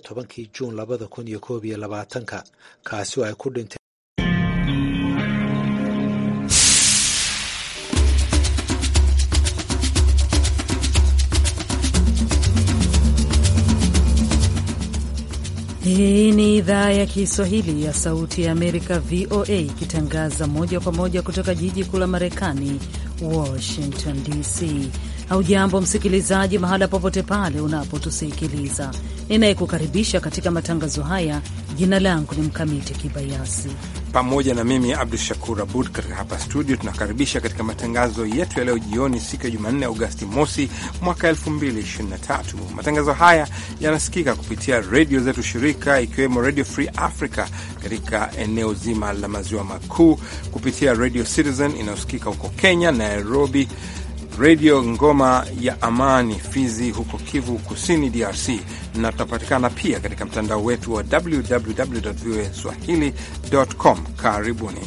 tobankii juun labada kun iyo koob iyo labaatanka kaasi oo ay ku dhintay Hii ni idhaa ya Kiswahili ya Sauti ya Amerika, VOA, ikitangaza moja kwa moja kutoka jiji kuu la Marekani, Washington DC. Haujambo msikilizaji, mahala popote pale unapotusikiliza. Ninayekukaribisha katika matangazo haya, jina langu ni Mkamiti Kibayasi, pamoja na mimi Abdu Shakur Abud katika hapa studio. Tunakaribisha katika matangazo yetu ya leo jioni, siku ya Jumanne, Agosti mosi mwaka 2023. Matangazo haya yanasikika kupitia redio zetu shirika, ikiwemo Redio Free Africa katika eneo zima la maziwa makuu, kupitia Radio Citizen inayosikika huko Kenya, Nairobi Redio Ngoma ya Amani Fizi huko Kivu Kusini, DRC, na tunapatikana pia katika mtandao wetu wa www voa swahili com. Karibuni.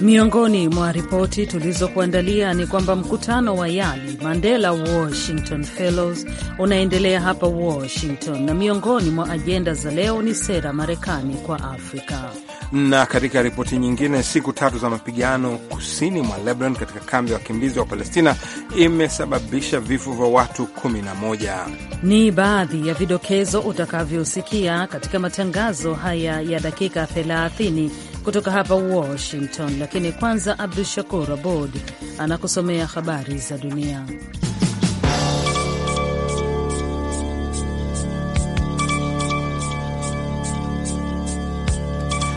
Miongoni mwa ripoti tulizokuandalia ni kwamba mkutano wa YALI Mandela Washington Fellows unaendelea hapa Washington, na miongoni mwa ajenda za leo ni sera Marekani kwa Afrika. Na katika ripoti nyingine, siku tatu za mapigano kusini mwa Lebanon katika kambi ya wa wakimbizi wa Palestina imesababisha vifo vya watu 11. Ni baadhi ya vidokezo utakavyosikia katika matangazo haya ya dakika 30 kutoka hapa Washington. Lakini kwanza Abdu Shakur Abod anakusomea habari za dunia.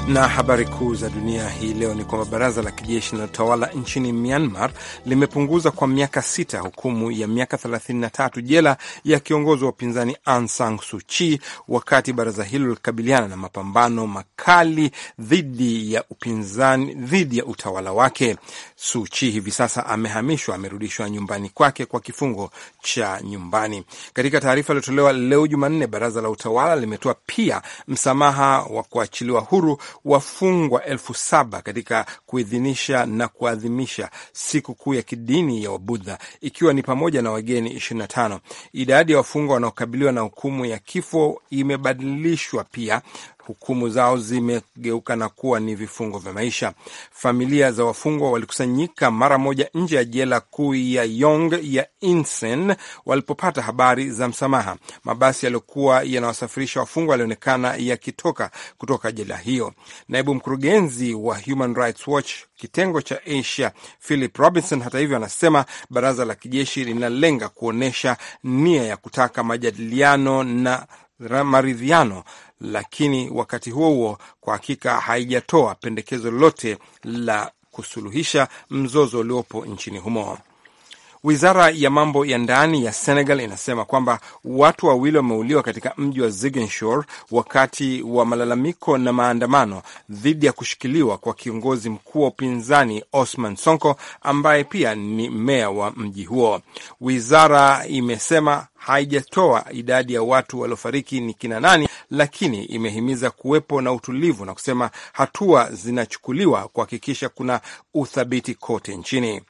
Na habari kuu za dunia hii leo ni kwamba baraza la kijeshi linalotawala nchini Myanmar limepunguza kwa miaka sita hukumu ya miaka 33 jela ya kiongozi wa upinzani Aung San Suu Kyi, wakati baraza hilo lilikabiliana na mapambano makali dhidi ya upinzani dhidi ya utawala wake. Suu Kyi hivi sasa amehamishwa, amerudishwa nyumbani kwake kwa kifungo cha nyumbani. Katika taarifa iliyotolewa leo Jumanne, baraza la utawala limetoa pia msamaha wa kuachiliwa huru wafungwa elfu saba katika kuidhinisha na kuadhimisha siku kuu ya kidini ya Wabudha, ikiwa ni pamoja na wageni 25. Idadi ya wafungwa wanaokabiliwa na hukumu ya kifo imebadilishwa pia hukumu zao zimegeuka na kuwa ni vifungo vya maisha. Familia za wafungwa walikusanyika mara moja nje ya jela kuu ya Yong ya Insen walipopata habari za msamaha. Mabasi yaliyokuwa yanawasafirisha wafungwa yalionekana yakitoka kutoka jela hiyo. Naibu mkurugenzi wa Human Rights Watch kitengo cha Asia Philip Robinson, hata hivyo, anasema baraza la kijeshi linalenga kuonyesha nia ya kutaka majadiliano na maridhiano, lakini wakati huo huo kwa hakika haijatoa pendekezo lolote la kusuluhisha mzozo uliopo nchini humo. Wizara ya mambo ya ndani ya Senegal inasema kwamba watu wawili wameuliwa katika mji wa Ziguinchor wakati wa malalamiko na maandamano dhidi ya kushikiliwa kwa kiongozi mkuu wa upinzani Osman Sonko ambaye pia ni meya wa mji huo. Wizara imesema haijatoa idadi ya watu waliofariki ni kina nani, lakini imehimiza kuwepo na utulivu na kusema hatua zinachukuliwa kuhakikisha kuna uthabiti kote nchini.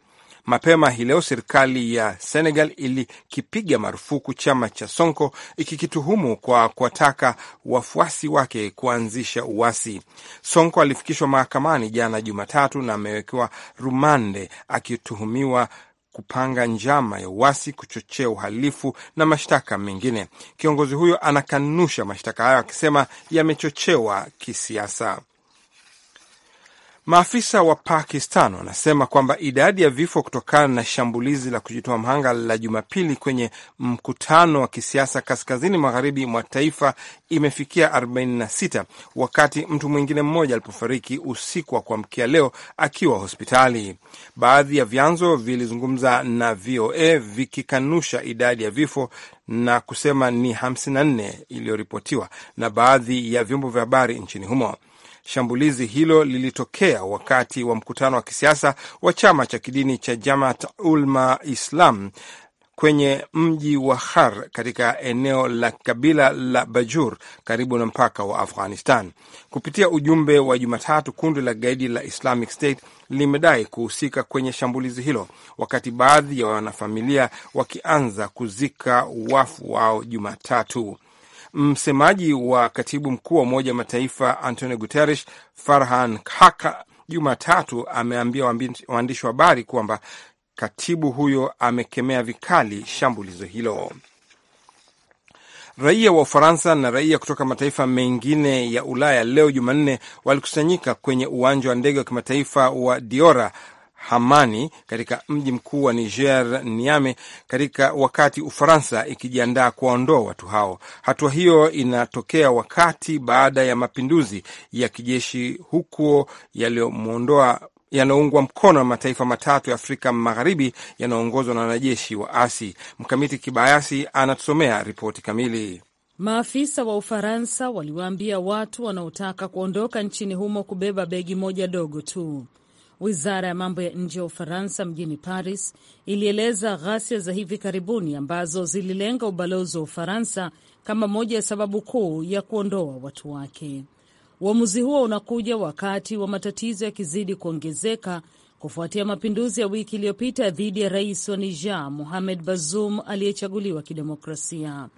Mapema hii leo serikali ya Senegal ilikipiga marufuku chama cha Sonko ikikituhumu kwa kuwataka wafuasi wake kuanzisha uasi. Sonko alifikishwa mahakamani jana Jumatatu na amewekewa rumande akituhumiwa kupanga njama ya uasi, kuchochea uhalifu na mashtaka mengine. Kiongozi huyo anakanusha mashtaka hayo akisema yamechochewa kisiasa. Maafisa wa Pakistan wanasema kwamba idadi ya vifo kutokana na shambulizi la kujitoa mhanga la Jumapili kwenye mkutano wa kisiasa kaskazini magharibi mwa taifa imefikia 46 wakati mtu mwingine mmoja alipofariki usiku wa kuamkia leo akiwa hospitali. Baadhi ya vyanzo vilizungumza na VOA vikikanusha idadi ya vifo na kusema ni 54 iliyoripotiwa na baadhi ya vyombo vya habari nchini humo. Shambulizi hilo lilitokea wakati wa mkutano wa kisiasa wa chama cha kidini cha Jamaat Ulma Islam kwenye mji wa har katika eneo la kabila la Bajur karibu na mpaka wa Afghanistan. Kupitia ujumbe wa Jumatatu, kundi la gaidi la Islamic State limedai kuhusika kwenye shambulizi hilo, wakati baadhi ya wanafamilia wakianza kuzika wafu wao Jumatatu. Msemaji wa katibu mkuu wa Umoja wa Mataifa Antonio Guterres, Farhan Haka, Jumatatu ameambia waandishi wa habari kwamba katibu huyo amekemea vikali shambulizo hilo. Raia wa Ufaransa na raia kutoka mataifa mengine ya Ulaya leo Jumanne walikusanyika kwenye uwanja wa ndege wa kimataifa wa Diora Hamani katika mji mkuu wa Niger, Niame, katika wakati Ufaransa ikijiandaa kuwaondoa watu hao. Hatua hiyo inatokea wakati baada ya mapinduzi ya kijeshi huko yaliyomwondoa yanaoungwa mkono na mataifa matatu ya Afrika Magharibi yanayoongozwa na wanajeshi wa asi Mkamiti Kibayasi anatusomea ripoti kamili. Maafisa wa Ufaransa waliwaambia watu wanaotaka kuondoka nchini humo kubeba begi moja dogo tu. Wizara ya mambo ya nje ya Ufaransa mjini Paris ilieleza ghasia za hivi karibuni ambazo zililenga ubalozi wa Ufaransa kama moja ya sababu kuu ya kuondoa watu wake. Uamuzi huo unakuja wakati wa matatizo yakizidi kuongezeka kufuatia mapinduzi ya wiki iliyopita dhidi ya rais wa Niger Mohamed Bazoum aliyechaguliwa kidemokrasia.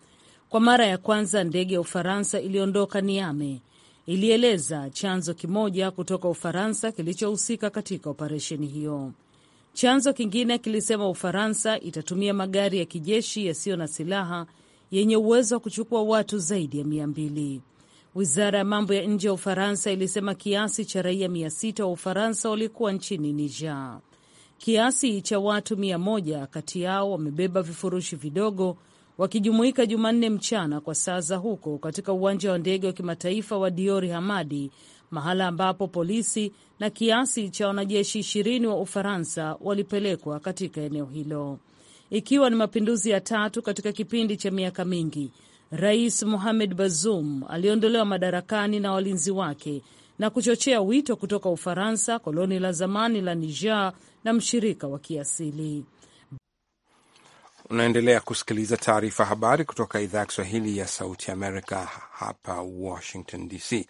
Kwa mara ya kwanza ndege ya Ufaransa iliondoka Niamey ilieleza chanzo kimoja kutoka Ufaransa kilichohusika katika operesheni hiyo. Chanzo kingine kilisema Ufaransa itatumia magari ya kijeshi yasiyo na silaha yenye uwezo wa kuchukua watu zaidi ya mia mbili. Wizara ya mambo ya nje ya Ufaransa ilisema kiasi cha raia mia sita wa Ufaransa walikuwa nchini Niger. Kiasi cha watu mia moja kati yao wamebeba vifurushi vidogo wakijumuika Jumanne mchana kwa saa za huko katika uwanja wa ndege wa kimataifa wa Diori Hamadi, mahala ambapo polisi na kiasi cha wanajeshi ishirini wa Ufaransa walipelekwa katika eneo hilo, ikiwa ni mapinduzi ya tatu katika kipindi cha miaka mingi. Rais Mohamed Bazoum aliondolewa madarakani na walinzi wake na kuchochea wito kutoka Ufaransa, koloni la zamani la Niger na mshirika wa kiasili. Unaendelea kusikiliza taarifa habari kutoka idhaa ya Kiswahili ya Sauti Amerika hapa Washington DC.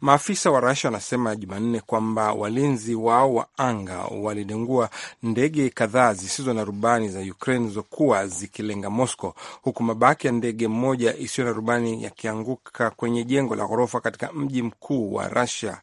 Maafisa wa rasia wanasema Jumanne kwamba walinzi wao wa anga walidengua ndege kadhaa zisizo na rubani za Ukraine zilizokuwa zikilenga Moscow, huku mabaki ya ndege moja isiyo na rubani yakianguka kwenye jengo la ghorofa katika mji mkuu wa rasia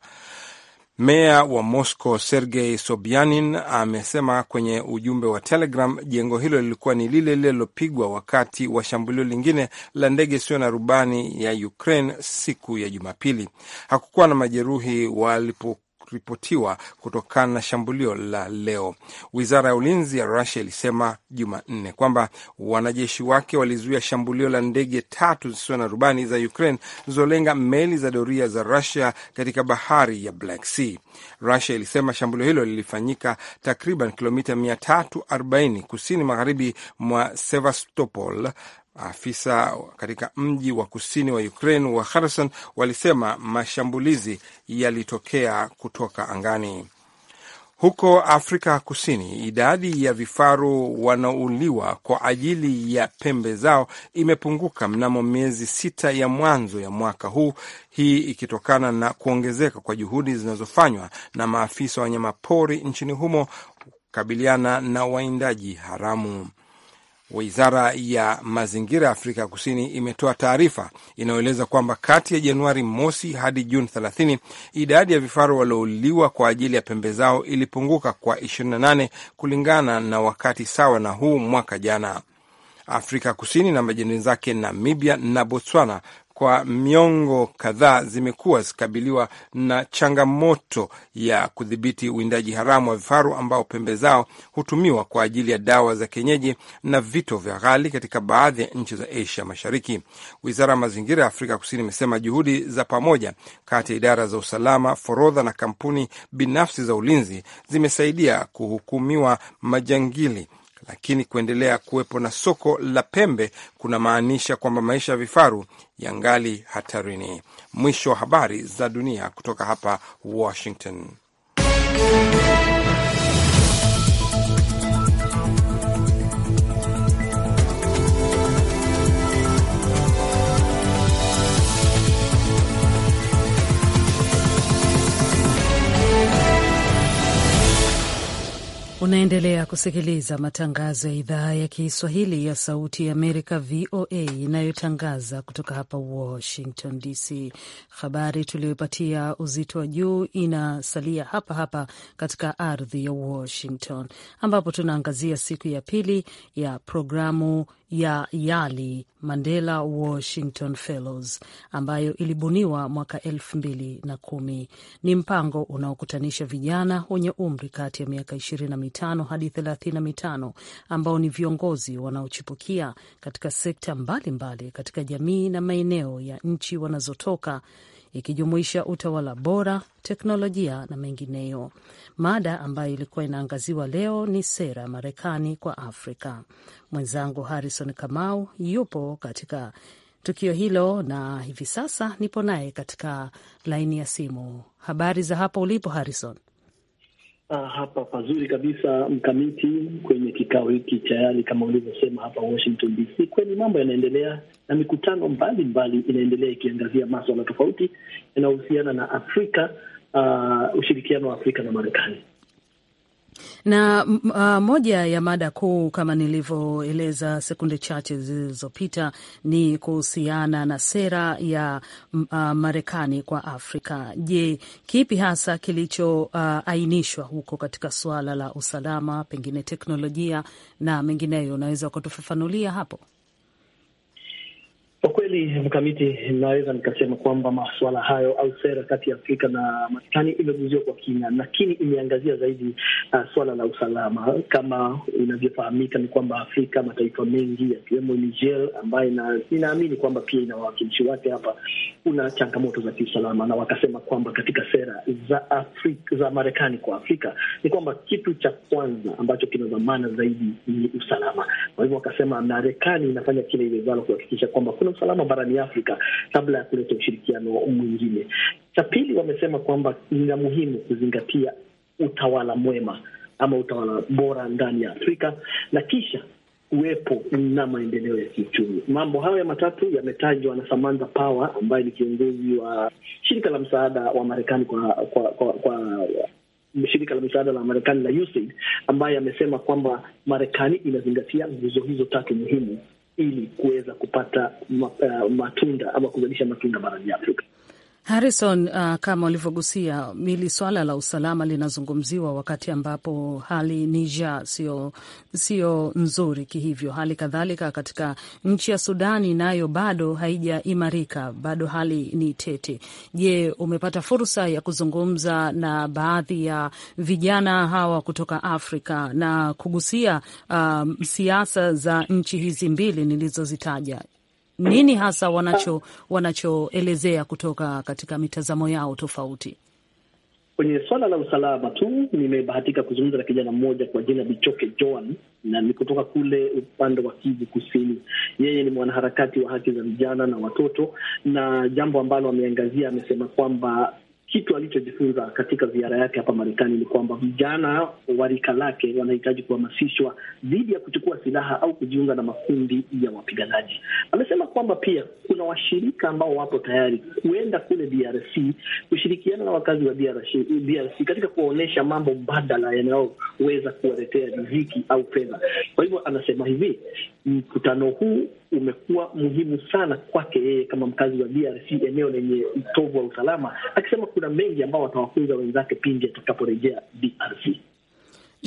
Meya wa Moscow Sergei Sobyanin amesema kwenye ujumbe wa Telegram jengo hilo lilikuwa ni lile lile lilopigwa wakati wa shambulio lingine la ndege isiyo na rubani ya Ukraine siku ya Jumapili. Hakukuwa na majeruhi walipo kuripotiwa kutokana na shambulio la leo. Wizara ya ulinzi ya Rusia ilisema Jumanne kwamba wanajeshi wake walizuia shambulio la ndege tatu zisizo na rubani za Ukraine zilizolenga meli za doria za Rusia katika bahari ya Black Sea. Rusia ilisema shambulio hilo lilifanyika takriban kilomita 340 kusini magharibi mwa Sevastopol Afisa katika mji wa kusini wa Ukraine wa Kherson walisema mashambulizi yalitokea kutoka angani. Huko Afrika Kusini, idadi ya vifaru wanaouliwa kwa ajili ya pembe zao imepunguka mnamo miezi sita ya mwanzo ya mwaka huu, hii ikitokana na kuongezeka kwa juhudi zinazofanywa na maafisa wa wanyamapori nchini humo kukabiliana na waindaji haramu. Wizara ya mazingira ya Afrika Kusini imetoa taarifa inayoeleza kwamba kati ya Januari mosi hadi Juni 30 idadi ya vifaru waliouliwa kwa ajili ya pembe zao ilipunguka kwa 28 kulingana na wakati sawa na huu mwaka jana. Afrika Kusini na majirani zake Namibia na Botswana kwa miongo kadhaa zimekuwa zikikabiliwa na changamoto ya kudhibiti uwindaji haramu wa vifaru ambao pembe zao hutumiwa kwa ajili ya dawa za kienyeji na vito vya ghali katika baadhi ya nchi za Asia Mashariki. Wizara ya mazingira ya Afrika Kusini imesema juhudi za pamoja kati ya idara za usalama, forodha na kampuni binafsi za ulinzi zimesaidia kuhukumiwa majangili lakini kuendelea kuwepo na soko la pembe kunamaanisha kwamba maisha ya vifaru yangali hatarini. Mwisho wa habari za dunia kutoka hapa Washington. Unaendelea kusikiliza matangazo ya idhaa ya Kiswahili ya Sauti ya Amerika, VOA, inayotangaza kutoka hapa Washington DC. Habari tuliyoipatia uzito wa juu inasalia hapa hapa katika ardhi ya Washington, ambapo tunaangazia siku ya pili ya programu ya Yali Mandela Washington Fellows ambayo ilibuniwa mwaka elfu mbili na kumi. Ni mpango unaokutanisha vijana wenye umri kati ya miaka ishirini na mitano hadi mitano ambao ni viongozi wanaochipukia katika sekta mbalimbali mbali, katika jamii na maeneo ya nchi wanazotoka ikijumuisha utawala bora, teknolojia na mengineyo. Mada ambayo ilikuwa inaangaziwa leo ni sera ya Marekani kwa Afrika. Mwenzangu Harrison Kamau yupo katika tukio hilo na hivi sasa nipo naye katika laini ya simu. Habari za hapo ulipo Harrison? Uh, hapa pazuri kabisa mkamiti kwenye kikao hiki cha YALI kama ulivyosema hapa Washington DC, kweli mambo yanaendelea na mikutano mbalimbali inaendelea ikiangazia maswala tofauti yanayohusiana na Afrika, uh, ushirikiano wa Afrika na Marekani na uh, moja ya mada kuu kama nilivyoeleza sekunde chache zilizopita ni kuhusiana na sera ya uh, Marekani kwa Afrika. Je, kipi hasa kilichoainishwa uh, huko katika suala la usalama, pengine teknolojia na mengineyo? Unaweza ukatufafanulia hapo? Kwa kweli mkamiti, naweza nikasema kwamba masuala hayo au sera kati ya Afrika na Marekani imeguziwa kwa kina, lakini imeangazia zaidi uh, swala la usalama. Kama inavyofahamika ni kwamba Afrika mataifa mengi yakiwemo Niger ambayo inaamini kwamba pia ina wawakilishi wake hapa, kuna changamoto za kiusalama, na wakasema kwamba katika sera za Afrika, za Marekani kwa Afrika ni kwamba kitu cha kwanza ambacho kina dhamana zaidi ni usalama. Kwa hivyo wakasema Marekani inafanya kile iwezalo kuhakikisha kwamba kuna usalama barani Afrika kabla ya kuleta ushirikiano mwingine. Cha pili, wamesema kwamba ni la muhimu kuzingatia utawala mwema ama utawala bora ndani ya Afrika na kisha kuwepo na maendeleo ya kiuchumi. Mambo hayo ya matatu yametajwa na Samantha Power ambaye ni kiongozi wa shirika la msaada wa Marekani kwa, kwa, kwa, kwa shirika la misaada la Marekani la USAID ambaye amesema kwamba Marekani inazingatia nguzo hizo tatu muhimu ili kuweza kupata uh, matunda ama kuzalisha matunda barani Afrika. Harrison, uh, kama ulivyogusia mili, swala la usalama linazungumziwa wakati ambapo hali Niger sio sio nzuri kihivyo. Hali kadhalika katika nchi ya Sudani nayo bado haijaimarika, bado hali ni tete. Je, umepata fursa ya kuzungumza na baadhi ya vijana hawa kutoka Afrika na kugusia um, siasa za nchi hizi mbili nilizozitaja? nini hasa wanacho wanachoelezea kutoka katika mitazamo yao tofauti? Kwenye swala la usalama tu, nimebahatika kuzungumza na kijana mmoja kwa jina Bichoke Joan, na ni kutoka kule upande wa Kivu Kusini. Yeye ni mwanaharakati wa haki za vijana na watoto, na jambo ambalo ameangazia, amesema kwamba kitu alichojifunza katika ziara yake hapa Marekani ni kwamba vijana wa rika lake wanahitaji kuhamasishwa dhidi ya kuchukua silaha au kujiunga na makundi ya wapiganaji. Amesema kwamba pia kuna washirika ambao wapo tayari kuenda kule DRC kushirikiana na wakazi wa DRC, DRC katika kuwaonyesha mambo mbadala yanayoweza kuwaletea riziki au fedha. Kwa hivyo anasema hivi, mkutano huu umekuwa muhimu sana kwake yeye kama mkazi wa DRC, eneo lenye utovu wa usalama, akisema kuna mengi ambao watawafunza wenzake pindi atakaporejea DRC.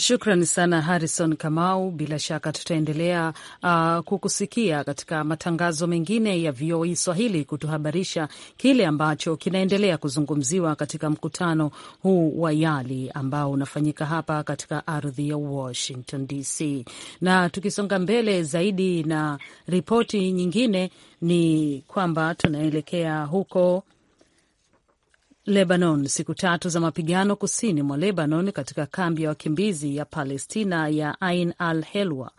Shukran sana Harrison Kamau, bila shaka tutaendelea uh, kukusikia katika matangazo mengine ya VOA e Swahili kutuhabarisha kile ambacho kinaendelea kuzungumziwa katika mkutano huu wa YALI ambao unafanyika hapa katika ardhi ya Washington DC. Na tukisonga mbele zaidi na ripoti nyingine, ni kwamba tunaelekea huko Lebanon, siku tatu za mapigano kusini mwa Lebanon katika kambi ya wakimbizi ya Palestina ya Ain al Helwa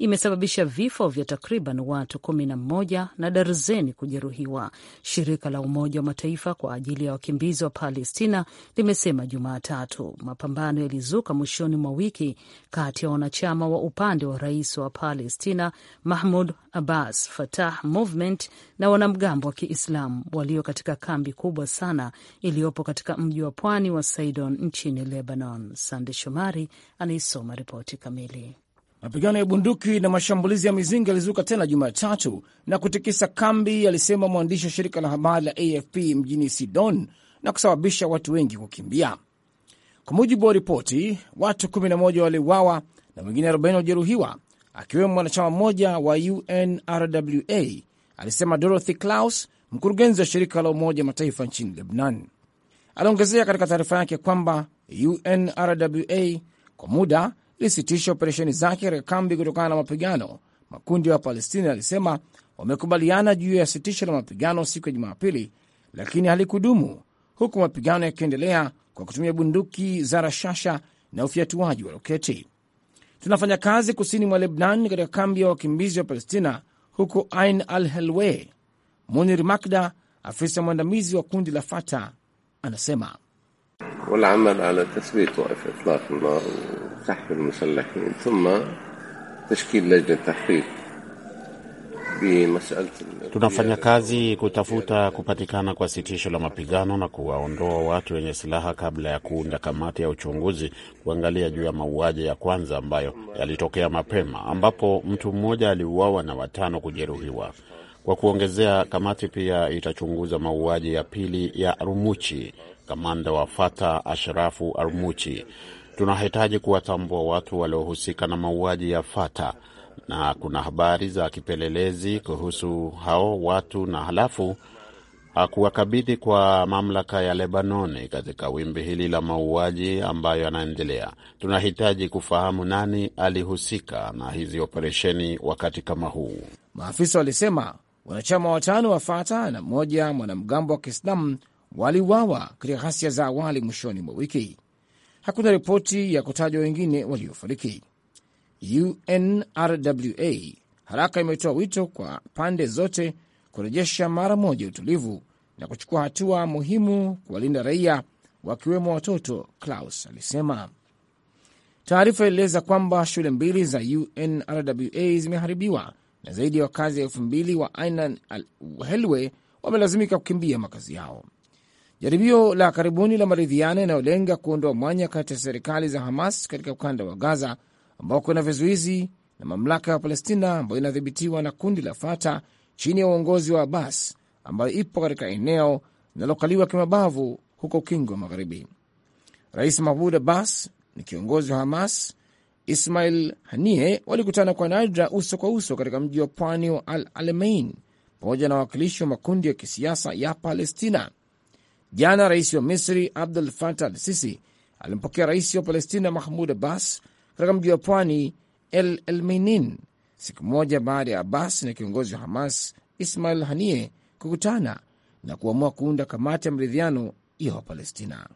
imesababisha vifo vya takriban watu kumi na mmoja na darzeni kujeruhiwa, shirika la Umoja wa Mataifa kwa ajili ya wakimbizi wa Palestina limesema Jumatatu. Mapambano yalizuka mwishoni mwa wiki kati ya wanachama wa upande wa rais wa Palestina Mahmud Abbas Fatah Movement na wanamgambo wa Kiislamu walio katika kambi kubwa sana iliyopo katika mji wa pwani wa Saidon nchini Lebanon. Sande Shomari anaisoma ripoti kamili. Mapigano ya bunduki na mashambulizi ya mizinga yalizuka tena Jumatatu na kutikisa kambi, alisema mwandishi wa shirika la habari la AFP mjini Sidon na kusababisha watu wengi kukimbia. Kwa mujibu wa ripoti, watu 11 waliuawa na wengine 40 walijeruhiwa, akiwemo mwanachama mmoja wa UNRWA, alisema Dorothy Klaus, mkurugenzi wa shirika la Umoja Mataifa nchini Lebanon. Aliongezea katika taarifa yake kwamba UNRWA kwa muda ilisitisha operesheni zake katika kambi kutokana na mapigano. Makundi ya Wapalestina yalisema wamekubaliana juu ya sitisho la mapigano siku ya Jumapili, lakini halikudumu, huku mapigano yakiendelea kwa kutumia bunduki za rashasha na ufyatuaji wa roketi. Tunafanya kazi kusini mwa Lebnan katika kambi ya wakimbizi wa Palestina huko Ain al Helwe. Munir Makda, afisa mwandamizi wa kundi la Fata, anasema سحب المسلحين ثم تشكيل لجنة تحقيق Tunafanya kazi kutafuta kupatikana kwa sitisho la mapigano na kuwaondoa watu wenye silaha kabla ya kuunda kamati ya uchunguzi kuangalia juu ya mauaji ya kwanza ambayo yalitokea mapema, ambapo mtu mmoja aliuawa na watano kujeruhiwa. Kwa kuongezea, kamati pia itachunguza mauaji ya pili ya arumuchi kamanda wa Fata Ashrafu arumuchi Tunahitaji kuwatambua watu waliohusika na mauaji ya Fata, na kuna habari za kipelelezi kuhusu hao watu na halafu hakuwakabidhi kwa mamlaka ya Lebanoni katika wimbi hili la mauaji ambayo yanaendelea. Tunahitaji kufahamu nani alihusika na hizi operesheni wakati kama huu, maafisa walisema. Wanachama watano wa Fata na mmoja mwanamgambo wa Kiislamu waliuawa katika ghasia za awali mwishoni mwa wiki. Hakuna ripoti ya kutajwa wengine waliofariki. UNRWA haraka imetoa wito kwa pande zote kurejesha mara moja utulivu na kuchukua hatua muhimu kuwalinda raia wakiwemo watoto, Klaus alisema. Taarifa ilieleza kwamba shule mbili za UNRWA zimeharibiwa na zaidi ya wakazi elfu mbili wa Ainan Helwe wamelazimika kukimbia makazi yao. Jaribio la karibuni la maridhiano yanayolenga kuondoa mwanya kati ya serikali za Hamas katika ukanda wa Gaza ambao kuna vizuizi na mamlaka ya Palestina ambayo inadhibitiwa na kundi la Fata chini ya uongozi wa Abbas ambayo ipo katika eneo linalokaliwa kimabavu huko Ukingo wa Magharibi. Rais Mahmud Abbas ni kiongozi wa Hamas Ismail Hanie walikutana kwa nadra uso kwa uso katika mji wa pwani wa Al Alamein pamoja na wawakilishi wa makundi ya kisiasa ya Palestina Jana rais wa Misri Abdul Fatah al Sisi alimpokea rais wa Palestina Mahmud Abbas katika mji wa pwani El Elmeinin, siku moja baada ya Abbas na kiongozi wa Hamas Ismail Hanie kukutana na kuamua kuunda kamati ya maridhiano ya Wapalestina.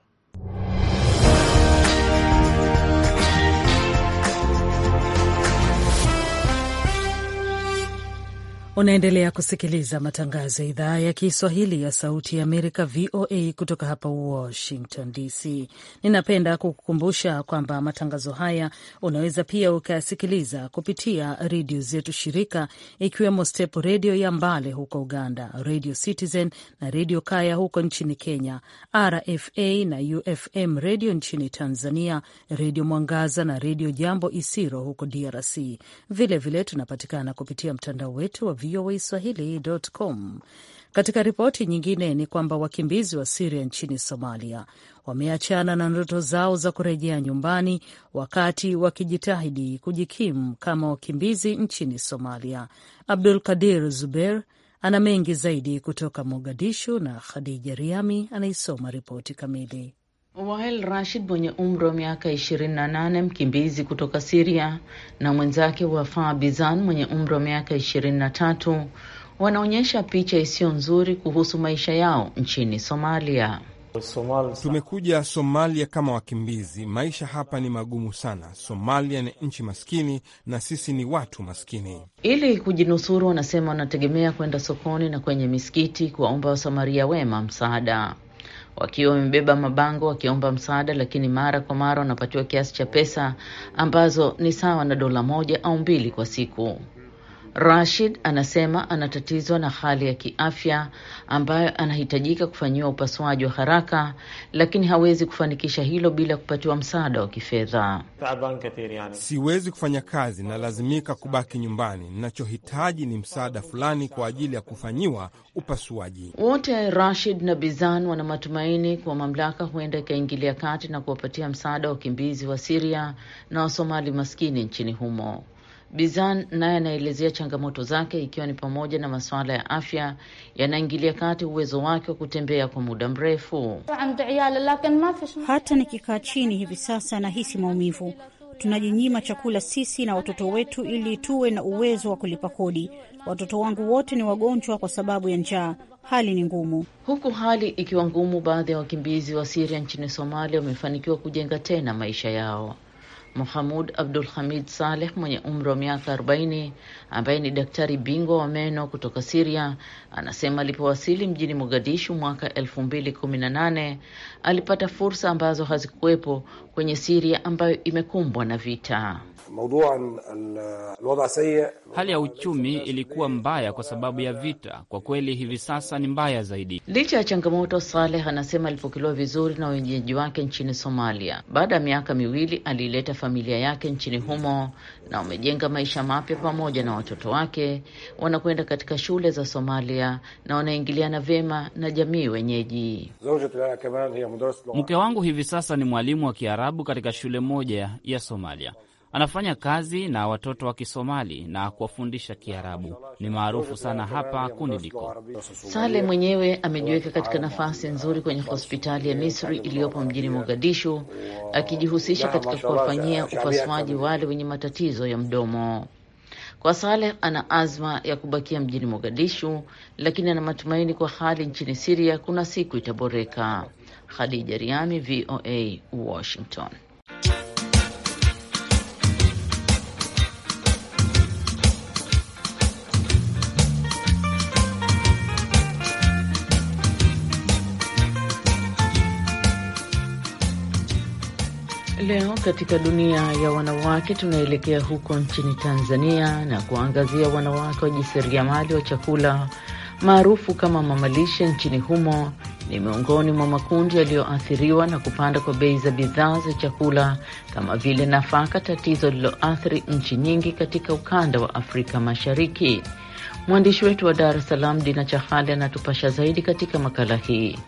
Unaendelea kusikiliza matangazo ya idhaa ya Kiswahili ya Sauti ya Amerika, VOA, kutoka hapa Washington DC. Ninapenda kukukumbusha kwamba matangazo haya unaweza pia ukayasikiliza kupitia redio zetu shirika, ikiwemo Step Redio ya Mbale huko Uganda, Redio Citizen na Redio Kaya huko nchini Kenya, RFA na UFM Redio nchini Tanzania, Redio Mwangaza na Redio Jambo Isiro huko DRC. Vilevile tunapatikana kupitia mtandao wetu wa voaswahili.com. Katika ripoti nyingine ni kwamba wakimbizi wa Siria nchini Somalia wameachana na ndoto zao za kurejea nyumbani wakati wakijitahidi kujikimu kama wakimbizi nchini Somalia. Abdul Kadir Zuber ana mengi zaidi kutoka Mogadishu na Khadija Riami anaisoma ripoti kamili. Wael Rashid mwenye umri wa miaka 28 mkimbizi kutoka Siria na mwenzake Wafa Bizan mwenye umri wa miaka 23 wanaonyesha picha isiyo nzuri kuhusu maisha yao nchini Somalia. Tumekuja Somalia kama wakimbizi. Maisha hapa ni magumu sana. Somalia ni nchi maskini na sisi ni watu maskini. Ili kujinusuru, wanasema wanategemea kwenda sokoni na kwenye misikiti kuwaomba wasamaria wema msaada wakiwa wamebeba mabango wakiomba msaada, lakini mara kwa mara wanapatiwa kiasi cha pesa ambazo ni sawa na dola moja au mbili kwa siku. Rashid anasema anatatizwa na hali ya kiafya ambayo anahitajika kufanyiwa upasuaji wa haraka, lakini hawezi kufanikisha hilo bila kupatiwa msaada wa kifedha. Siwezi kufanya kazi, nalazimika kubaki nyumbani. Ninachohitaji ni msaada fulani kwa ajili ya kufanyiwa upasuaji. Wote Rashid na Bizan wana matumaini kuwa mamlaka huenda ikaingilia kati na kuwapatia msaada wa wakimbizi wa Siria na Wasomali maskini nchini humo. Bizan naye anaelezea changamoto zake ikiwa ni pamoja na masuala ya afya yanaingilia kati uwezo wake wa kutembea kwa muda mrefu. Hata nikikaa chini hivi sasa nahisi maumivu. Tunajinyima chakula sisi na watoto wetu ili tuwe na uwezo wa kulipa kodi. Watoto wangu wote ni wagonjwa kwa sababu ya njaa. Hali ni ngumu. Huku hali ikiwa ngumu, baadhi ya wakimbizi wa Siria nchini Somalia wamefanikiwa kujenga tena maisha yao. Mohamud Abdul Hamid Saleh mwenye umri wa miaka 40 ambaye ni daktari bingwa wa meno kutoka Siria anasema alipowasili mjini Mogadishu mwaka 2018 alipata fursa ambazo hazikuwepo kwenye Siria ambayo imekumbwa na vita. Uh, Hali ya uchumi ilikuwa mbaya kwa sababu ya vita, kwa kweli hivi sasa ni mbaya zaidi. Licha ya changamoto, Saleh anasema alipokelewa vizuri na wenyeji wake nchini Somalia. Baada ya miaka miwili alileta familia yake nchini humo na wamejenga maisha mapya pamoja na watoto wake. Wanakwenda katika shule za Somalia na wanaingiliana vyema na jamii wenyeji. Mke wangu hivi sasa ni mwalimu wa Kiarabu katika shule moja ya Somalia. Anafanya kazi na watoto wa Kisomali na kuwafundisha Kiarabu. Ni maarufu sana hapa kuniliko. Sale mwenyewe amejiweka katika nafasi nzuri kwenye hospitali ya Misri iliyopo mjini Mogadishu, akijihusisha katika kuwafanyia upasuaji wale wenye matatizo ya mdomo. Kwa sale ana azma ya kubakia mjini Mogadishu, lakini ana matumaini kwa hali nchini Siria kuna siku itaboreka. Khadija Riami, VOA, Washington. Leo katika dunia ya wanawake, tunaelekea huko nchini Tanzania na kuangazia wanawake wajasiriamali wa chakula maarufu kama mamalishe nchini humo ni miongoni mwa makundi yaliyoathiriwa na kupanda kwa bei za bidhaa za chakula kama vile nafaka, tatizo lililoathiri nchi nyingi katika ukanda wa Afrika Mashariki. Mwandishi wetu wa Dar es Salaam, Dina Chahali, anatupasha zaidi katika makala hii.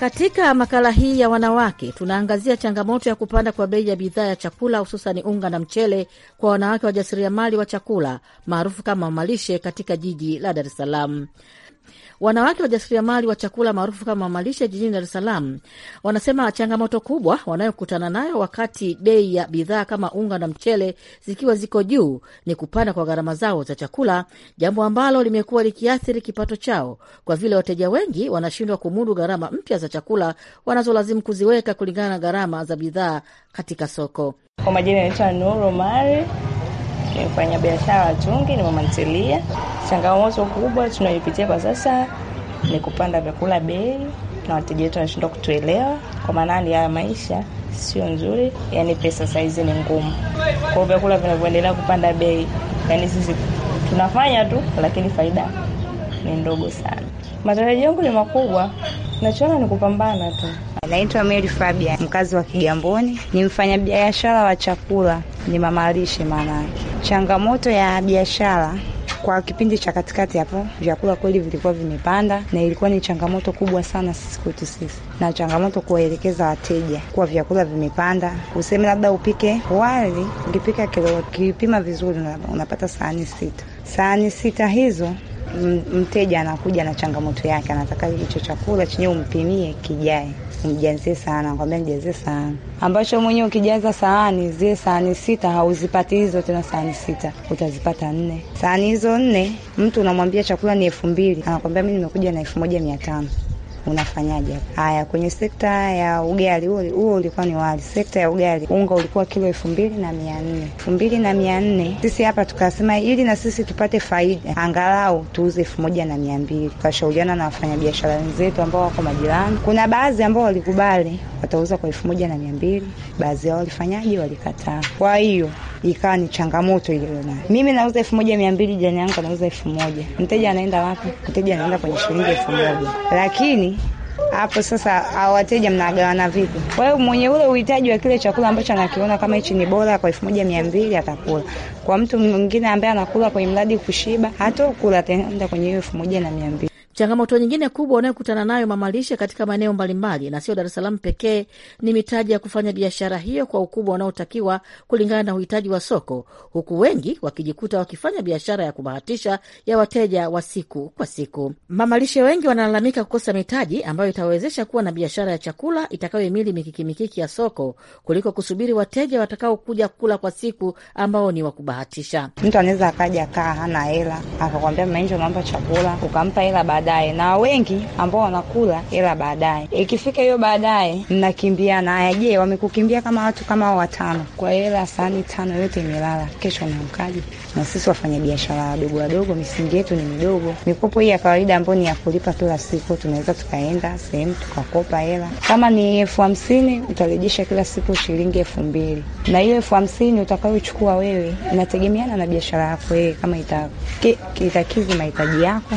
Katika makala hii ya wanawake tunaangazia changamoto ya kupanda kwa bei ya bidhaa ya chakula hususani unga na mchele kwa wanawake wajasiriamali wa chakula maarufu kama mamalishe katika jiji la Dar es Salaam. Wanawake wajasiriamali wa chakula maarufu kama mamalishe jijini Dar es Salaam wanasema changamoto kubwa wanayokutana nayo wakati bei ya bidhaa kama unga na mchele zikiwa ziko juu ni kupanda kwa gharama zao za chakula, jambo ambalo limekuwa likiathiri kipato chao kwa vile wateja wengi wanashindwa kumudu gharama mpya za chakula wanazolazimu kuziweka kulingana na gharama za bidhaa katika soko. Kwa majina yanaitwa Nuru Mari, ni biashara wa chungi, ni mama ntilia. Changamoto kubwa tunayopitia kwa sasa ni kupanda vyakula bei, na wateja wetu wanashindwa kutuelewa, kwa maana ni ya maisha sio nzuri, yani pesa saizi ni ngumu Kwa hiyo vyakula vinavyoendelea kupanda bei, yani sisi tunafanya tu, lakini faida ni ndogo sana. Matarajio yangu ni makubwa, nachoona ni kupambana tu. Naitwa Mary Fabia, mkazi wa Kigamboni, ni mfanyabiashara wa chakula, ni mamalishe maanake Changamoto ya biashara kwa kipindi cha katikati hapo, vyakula kweli vilikuwa vimepanda, na ilikuwa ni changamoto kubwa sana sisi kwetu sisi, na changamoto kuwaelekeza wateja kuwa vyakula vimepanda. Useme labda upike wali, ukipika kilo kipima vizuri, unapata sahani sita. Sahani sita hizo mteja anakuja na changamoto yake, anataka hicho chakula chenyewe umpimie kijae Mjazie sana, nakwambia mjazie sana, ambacho mwenyewe ukijaza sahani zile sahani sita hauzipati hizo tena, sahani sita utazipata nne. Sahani hizo nne, mtu unamwambia chakula ni elfu mbili, anakwambia mi nimekuja na elfu moja mia tano unafanyaje hapa? Haya, kwenye sekta ya ugali, huo ulikuwa ni wali. Sekta ya ugali, unga ulikuwa kilo elfu mbili na mia nne elfu mbili na mia nne Sisi hapa tukasema ili na sisi tupate faida, angalau tuuze elfu moja na mia mbili Tukashauriana na wafanyabiashara wenzetu ambao wako majirani. Kuna baadhi ambao walikubali watauza kwa elfu moja na mia mbili baadhi yao walifanyaje, walikataa. Kwa hiyo ikawa ni changamoto iliyo nayo. Mimi nauza elfu moja mia mbili jirani yangu anauza elfu moja mteja anaenda wapi? Mteja anaenda kwenye shilingi elfu moja lakini hapo sasa, hao wateja mnagawana vipi? Kwa hiyo mwenye ule uhitaji wa kile chakula ambacho anakiona kama hichi ni bora kwa elfu moja mia mbili atakula. Kwa mtu mwingine ambaye anakula kwenye mradi kushiba, hata kula ataenda kwenye hiyo elfu moja na mia mbili. Changamoto nyingine kubwa wanayokutana nayo mamalishe katika maeneo mbalimbali na sio Dar es Salaam pekee ni mitaji ya kufanya biashara hiyo kwa ukubwa unaotakiwa kulingana na uhitaji wa soko, huku wengi wakijikuta wakifanya biashara ya kubahatisha ya wateja wa siku kwa siku. Mamalishe wengi wanalalamika kukosa mitaji ambayo itawawezesha kuwa na biashara ya chakula itakayohimili mikikimikiki ya soko kuliko kusubiri wateja watakaokuja kula kwa siku ambao ni wa Mtu anaweza akaja kaa hana hela akakwambia, Mainjo, naomba chakula, ukampa hela baada baadaye, na wengi ambao wanakula hela baadaye. Ikifika hiyo baadaye, mnakimbiana, haya, je, wamekukimbia kama watu kama watano, kwa hela sahani tano yote imelala, kesho naamkaje? na sisi wafanyabiashara wadogo wadogo, misingi yetu ni midogo. Mikopo hii ya kawaida ambayo ni ya kulipa kila siku, tunaweza tukaenda sehemu tukakopa hela, kama ni elfu hamsini utarejesha kila siku shilingi elfu mbili na hiyo elfu hamsini utakayochukua wewe inategemeana na biashara yako wewe, kama itakidhi mahitaji yako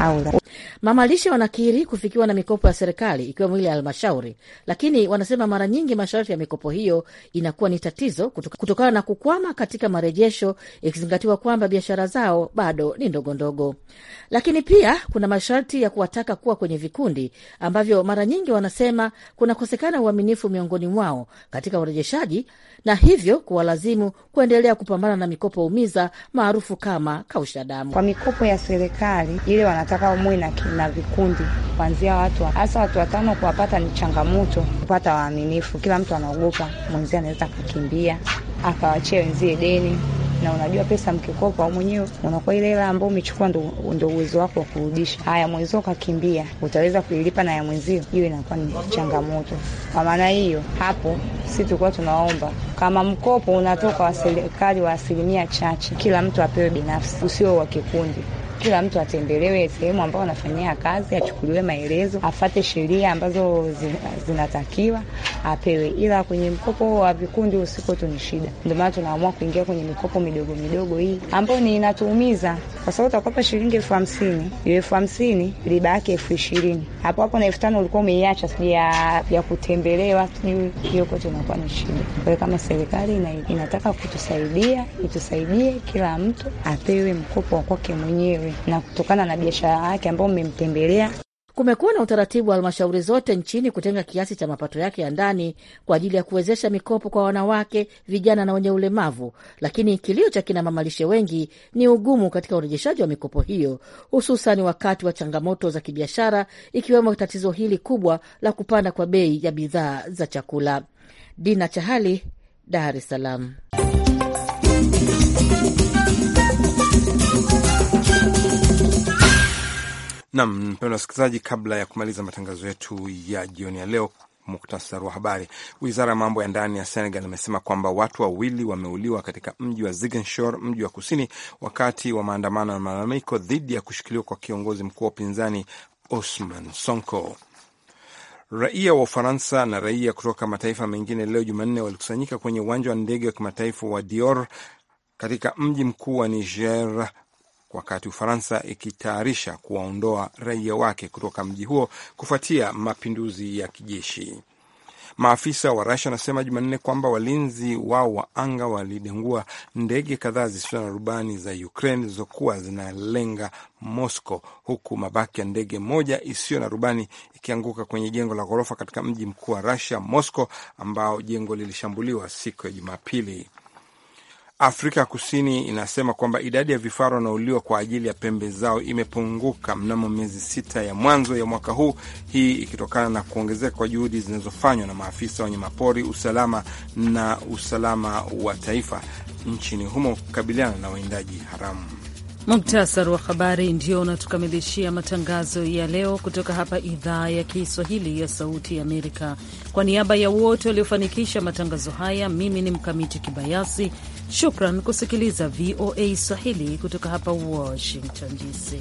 au Mama lishe wanakiri kufikiwa na mikopo ya serikali ikiwemo ile ya halmashauri, lakini wanasema mara nyingi masharti ya mikopo hiyo inakuwa ni tatizo kutokana na kukwama katika marejesho, ikizingatiwa kwamba biashara zao bado ni ndogondogo ndogo. Lakini pia kuna masharti ya kuwataka kuwa kwenye vikundi ambavyo mara nyingi wanasema kunakosekana uaminifu miongoni mwao katika urejeshaji, na hivyo kuwalazimu kuendelea kupambana na mikopo umiza maarufu kama kausha damu. Kwa mikopo ya serikali ile wanataka umwe na na vikundi kuanzia watu hasa watu watano, kuwapata ni changamoto. Kupata waaminifu, kila mtu anaogopa mwenzie, anaweza akakimbia akawachia wenzie deni na unajua pesa mkikopa au mwenyewe unakuwa ile hela ambayo umechukua ndo uwezo wako wa kurudisha. Haya, mwenzio kakimbia, utaweza kuilipa na ya mwenzio? Hiyo inakuwa ni changamoto. Kwa maana hiyo, hapo si tulikuwa tunaomba kama mkopo unatoka wa serikali wa asilimia chache, kila mtu apewe binafsi, usio wa kikundi. Kila mtu atembelewe sehemu ambayo anafanyia kazi, achukuliwe maelezo, afate sheria ambazo zinatakiwa apewe. Ila kwenye mkopo wa vikundi usiku tu ni shida, ndio maana tunaamua kuingia kwenye mikopo midogo midogo hii ambayo ni inatuumiza, kwa sababu utakopa shilingi elfu hamsini, hiyo elfu hamsini riba elfu ishirini hapo hapo, na elfu tano ulikuwa umeiacha ya, ya kutembelewa, hiyo kote inakuwa ni shida. Kwa kama serikali ina, inataka kutusaidia, itusaidie, kila mtu apewe mkopo wa kwake mwenyewe vizuri na kutokana na biashara yake ambayo mmemtembelea. Kumekuwa na utaratibu wa halmashauri zote nchini kutenga kiasi cha mapato yake ya ndani kwa ajili ya kuwezesha mikopo kwa wanawake, vijana na wenye ulemavu, lakini kilio cha kina mamalishe wengi ni ugumu katika urejeshaji wa mikopo hiyo, hususan wakati wa changamoto za kibiashara, ikiwemo tatizo hili kubwa la kupanda kwa bei ya bidhaa za chakula. Dina Chahali, Dar es Salaam. Nam mpendwa wasikilizaji, kabla ya kumaliza matangazo yetu ya jioni ya leo, muktasari wa habari. Wizara ya mambo ya ndani ya Senegal imesema kwamba watu wawili wameuliwa katika mji wa Ziguinchor, mji wa kusini, wakati wa maandamano ya malalamiko dhidi ya kushikiliwa kwa kiongozi mkuu wa upinzani Osman Sonko. Raia wa Ufaransa na raia kutoka mataifa mengine leo Jumanne walikusanyika kwenye uwanja wa ndege wa kimataifa wa Dior katika mji mkuu wa Niger wakati Ufaransa ikitayarisha kuwaondoa raia wake kutoka mji huo kufuatia mapinduzi ya kijeshi. Maafisa wa Rasia wanasema Jumanne kwamba walinzi wao wa anga walidengua ndege kadhaa zisizo na rubani za Ukraine zilizokuwa zinalenga Moscow, huku mabaki ya ndege moja isiyo na rubani ikianguka kwenye jengo la ghorofa katika mji mkuu wa Rasia, Moscow, ambao jengo lilishambuliwa siku ya Jumapili. Afrika Kusini inasema kwamba idadi ya vifaru wanaouliwa kwa ajili ya pembe zao imepunguka mnamo miezi sita ya mwanzo ya mwaka huu, hii ikitokana na kuongezeka kwa juhudi zinazofanywa na maafisa wa wanyamapori, usalama na usalama wa taifa nchini humo kukabiliana na waindaji haramu. Muktasar wa habari ndio unatukamilishia matangazo ya leo kutoka hapa idhaa ya Kiswahili ya Sauti ya Amerika. Kwa niaba ya wote waliofanikisha matangazo haya, mimi ni Mkamiti Kibayasi Shukran kusikiliza VOA Swahili kutoka hapa Washington DC.